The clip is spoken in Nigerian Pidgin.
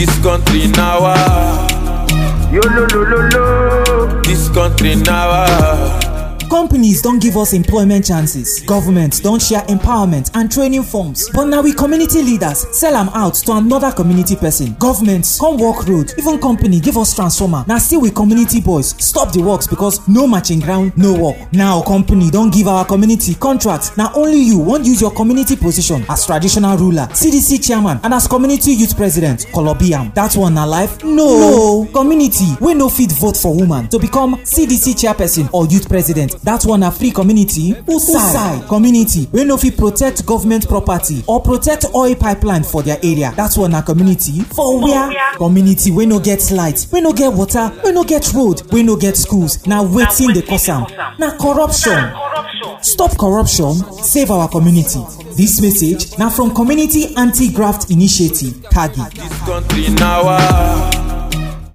This country now. Ah. Yo, lo, lo, lo, lo. This country now. Ah. companies don give us employment chances government don share empowerment and training forms but na we community leaders sell am out to another community person government come work road even company give us transformer na still we community boys stop the works because no matching ground no work now company don give our community contract na only you wan use your community position as traditional ruler cdc chairman and as community youth president kolobi am that one na life no, no. community wey no fit vote for woman to become cdc chairperson or youth president dat one na free community usai community wey no fit protect government property or protect oil pipeline for their area dat one na community for wia community wey no get light wey no get water wey no get road wey no get schools na wetin dey cause am na corruption stop corruption save our community dis message na from community anti-graft initiative kagi.